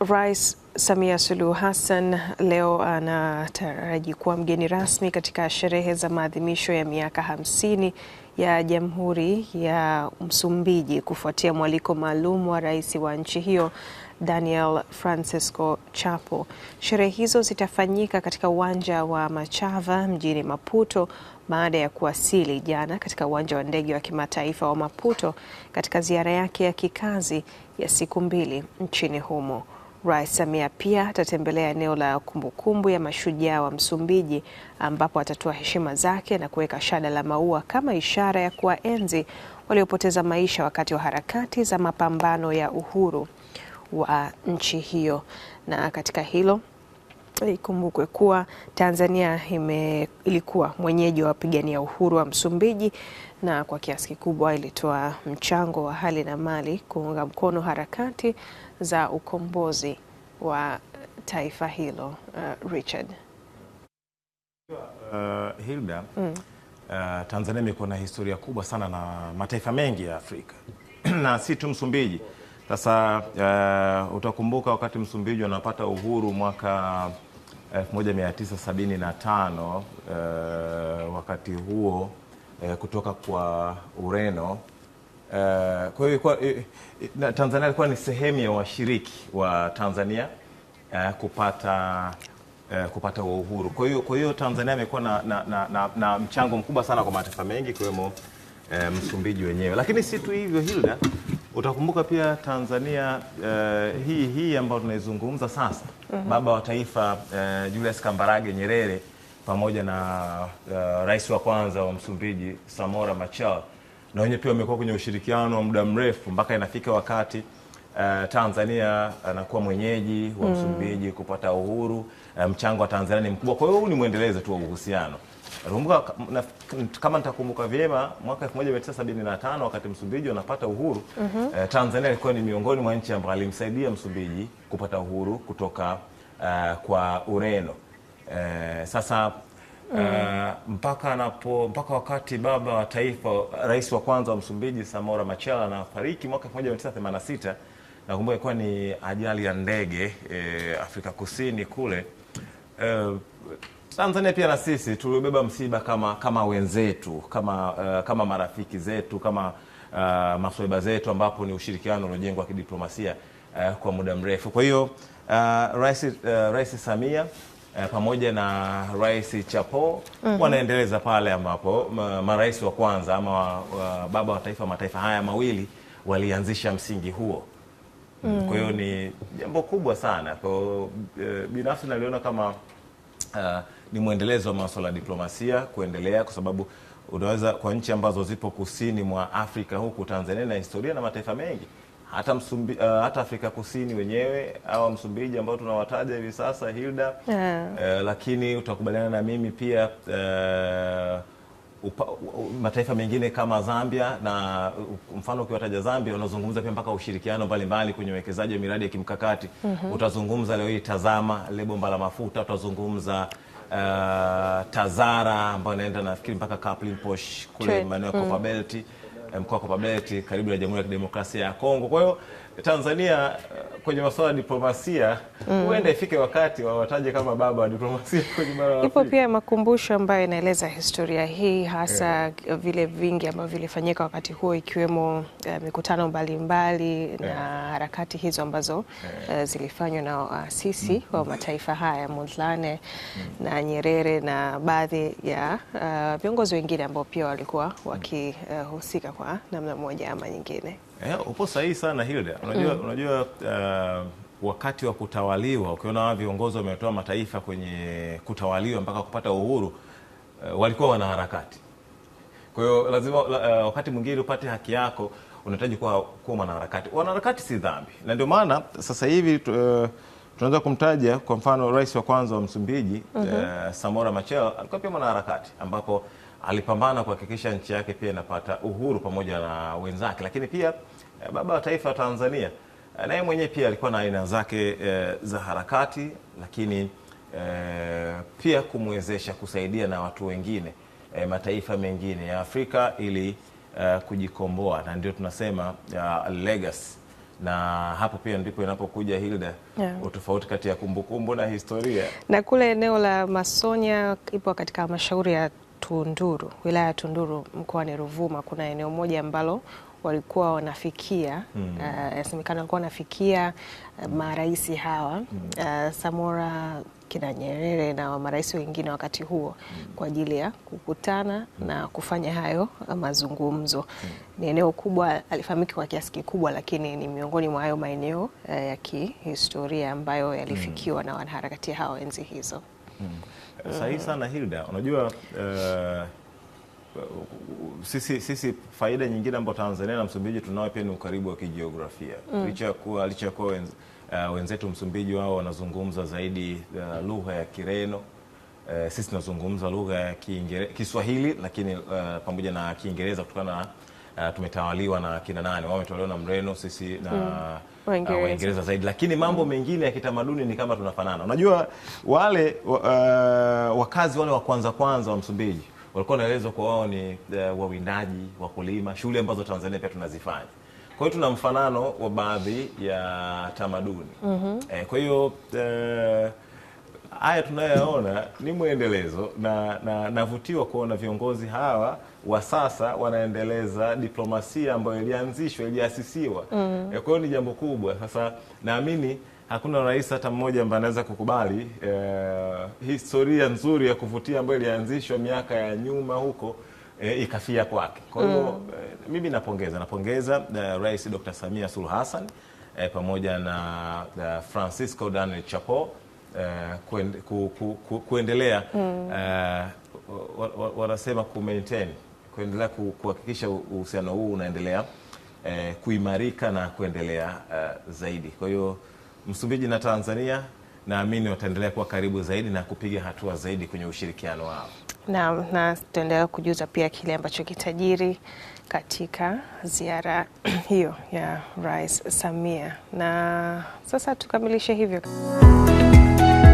Rais Samia Suluhu Hassan leo anataraji kuwa mgeni rasmi katika sherehe za maadhimisho ya miaka hamsini ya Jamhuri ya Msumbiji kufuatia mwaliko maalum wa rais wa nchi hiyo Daniel Francisco Chapo. Sherehe hizo zitafanyika katika uwanja wa Machava mjini Maputo baada ya kuwasili jana katika uwanja wa ndege wa kimataifa wa Maputo katika ziara yake ya kikazi ya siku mbili nchini humo. Rais Samia pia atatembelea eneo la kumbukumbu ya mashujaa wa Msumbiji ambapo atatoa heshima zake na kuweka shada la maua kama ishara ya kuwaenzi waliopoteza maisha wakati wa harakati za mapambano ya uhuru wa nchi hiyo. Na katika hilo Ikumbukwe kuwa Tanzania ime, ilikuwa mwenyeji wa wapigania uhuru wa Msumbiji na kwa kiasi kikubwa ilitoa mchango wa hali na mali kuunga mkono harakati za ukombozi wa taifa hilo. Uh, Richard. Uh, Hilda, mm. Uh, Tanzania imekuwa na historia kubwa sana na mataifa mengi ya Afrika na si tu Msumbiji. Sasa uh, utakumbuka wakati Msumbiji wanapata uhuru mwaka 1975 uh, eh, wakati huo uh, kutoka kwa Ureno uh, kwa hiyo ilikuwa Tanzania ilikuwa ni sehemu ya washiriki wa Tanzania uh, kupata uh, kupata uhuru. Kwa hiyo kwa hiyo Tanzania imekuwa na, na, na, na, na mchango mkubwa sana kwa mataifa mengi ikiwemo uh, Msumbiji wenyewe, lakini si tu hivyo Hilda Utakumbuka pia Tanzania uh, hii hii ambayo tunaizungumza sasa mm -hmm. Baba wa taifa uh, Julius Kambarage Nyerere pamoja na uh, rais wa kwanza wa Msumbiji Samora Machel na wenyewe pia wamekuwa kwenye ushirikiano wa muda mrefu mpaka inafika wakati uh, Tanzania anakuwa eh, mwenyeji wa hmm. Msumbiji kupata uhuru. Eh, mchango wa Tanzania ni mkubwa, kwa hiyo huu ni mwendelezo tu wa uhusiano. na, kama nitakumbuka vyema, mwaka 1975 wakati Msumbiji wanapata uhuru mm -hmm. uh, Tanzania ilikuwa ni miongoni mwa nchi ambayo alimsaidia Msumbiji kupata uhuru kutoka uh, kwa Ureno. Uh, sasa Uh, mpaka anapo mpaka wakati baba wa taifa rais wa kwanza wa Msumbiji Samora Machel anafariki mwaka 1986 nakumbuka ilikuwa ni ajali ya ndege e, Afrika Kusini kule e, Tanzania pia na sisi tuliobeba msiba kama kama wenzetu kama uh, kama marafiki zetu kama uh, e, masoeba zetu, ambapo ni ushirikiano uliojengwa kidiplomasia uh, kwa muda mrefu. Kwa hiyo uh, rais, uh, Rais Samia uh, pamoja na Rais Chapo mm -hmm. wanaendeleza pale ambapo marais wa kwanza ama wa, wa baba wa taifa mataifa haya mawili walianzisha msingi huo. Mm. Kwa hiyo ni jambo kubwa sana. Kwa hiyo e, binafsi naliona kama uh, ni mwendelezo wa masuala ya diplomasia kuendelea kwa sababu unaweza kwa nchi ambazo zipo kusini mwa Afrika huku Tanzania na historia na mataifa mengi hata Msumbi, uh, hata Afrika Kusini wenyewe au Msumbiji ambao tunawataja hivi sasa Hilda, yeah. Uh, lakini utakubaliana na mimi pia uh, upa, mataifa mengine kama Zambia na mfano ukiwataja Zambia unazungumza pia mpaka ushirikiano mbalimbali kwenye uwekezaji wa miradi ya kimkakati mm -hmm. Utazungumza leo hii Tazama lile bomba la mafuta, utazungumza uh, Tazara ambayo inaenda nafikiri mpaka posh kule maeneo ya mm. Copperbelt eh, mkoa wa Copperbelt karibu na Jamhuri ya Kidemokrasia ya Kongo. Kwa hiyo Tanzania kwenye masuala ya diplomasia mm. huenda mm. ifike wakati wawataje kama baba wa diplomasia kwenye bara Ipo pia makumbusho ambayo inaeleza historia hii hasa yeah. vile vingi ambavyo vilifanyika wakati huo ikiwemo uh, mikutano mbalimbali mbali, yeah. na harakati hizo ambazo yeah. uh, zilifanywa na waasisi uh, mm. wa mataifa haya Mondlane mm. na Nyerere na baadhi ya uh, viongozi uh, wengine ambao pia walikuwa wakihusika uh, kwa namna moja ama nyingine. Eh, upo sahihi sana Hilda. Unajua, mm. unajua uh, wakati wa kutawaliwa ukiona viongozi wametoa mataifa kwenye kutawaliwa mpaka kupata uhuru uh, walikuwa wanaharakati. Kwa hiyo lazima uh, wakati mwingine upate haki yako unahitaji kuwa, kuwa mwanaharakati. Wanaharakati si dhambi, na ndio maana sasa hivi uh, tunaweza kumtaja kwa mfano rais wa kwanza wa Msumbiji mm -hmm. uh, Samora Machel alikuwa pia mwanaharakati ambapo alipambana kuhakikisha nchi yake pia inapata uhuru pamoja na wenzake, lakini pia eh, baba wa taifa Tanzania eh, naye mwenyewe pia alikuwa na aina zake e, za harakati, lakini e, pia kumwezesha kusaidia na watu wengine e, mataifa mengine ya Afrika ili e, kujikomboa, na ndio tunasema uh, legacy na hapo pia ndipo inapokuja Hilda, yeah. utofauti kati ya kumbukumbu na historia. Na kule eneo la Masonya ipo katika halmashauri ya Tunduru, wilaya ya Tunduru mkoani Ruvuma, kuna eneo moja ambalo walikuwa wanafikia mm. Uh, walikuwa wanafikia uh, marais hawa uh, Samora kina Nyerere na marais wengine wakati huo hmm. kwa ajili ya kukutana hmm. na kufanya hayo mazungumzo. Ni eneo kubwa, alifahamiki kwa kiasi kikubwa, lakini ni miongoni mwa hayo maeneo uh, ya kihistoria ambayo yalifikiwa na wanaharakati hawa enzi hizo. Mm. Sahihi sana Hilda, unajua uh, sisi, sisi faida nyingine ambayo Tanzania na Msumbiji tunao pia ni ukaribu wa kijiografia mm. licha ya kuwa licha kuwa wenz, uh, wenzetu Msumbiji wao wanazungumza zaidi uh, lugha ya Kireno uh, sisi tunazungumza lugha ya Kiswahili lakini uh, pamoja na Kiingereza kutokana na uh, tumetawaliwa na kina nani, wao wametawaliwa na Mreno, sisi na mm. uh, Waingereza zaidi, lakini mambo mengine ya kitamaduni ni kama tunafanana. Unajua wale uh, wakazi wale wa kwanza kwanza wa Msumbiji walikuwa wanaelezwa kwa wao ni uh, wawindaji, wakulima, shughuli ambazo Tanzania pia tunazifanya. Kwa hiyo tuna mfanano wa baadhi ya tamaduni mm -hmm. eh, kwa hiyo uh, haya tunayoona ni mwendelezo na, na navutiwa kuona viongozi hawa wa sasa wanaendeleza diplomasia ambayo ilianzishwa iliasisiwa. mm. Eh, kwa hiyo ni jambo kubwa. Sasa naamini hakuna rais hata mmoja ambaye anaweza kukubali eh, historia nzuri ya kuvutia ambayo ilianzishwa miaka ya nyuma huko eh, ikafia kwake. Kwa hiyo mm. eh, mimi napongeza napongeza eh, Rais Dr. Samia Suluhu Hassan eh, pamoja na eh, Francisco Daniel Chapo Eh, ku, ku, ku, kuendelea mm. wanasema ku maintain kuendelea kuhakikisha uhusiano huu unaendelea eh, kuimarika na kuendelea zaidi. Kwa hiyo Msumbiji na Tanzania naamini wataendelea kuwa karibu zaidi na kupiga hatua zaidi kwenye ushirikiano wao. Naam, na tutaendelea kujuza pia kile ambacho kitajiri katika ziara hiyo ya Rais Samia. Na sasa tukamilishe hivyo.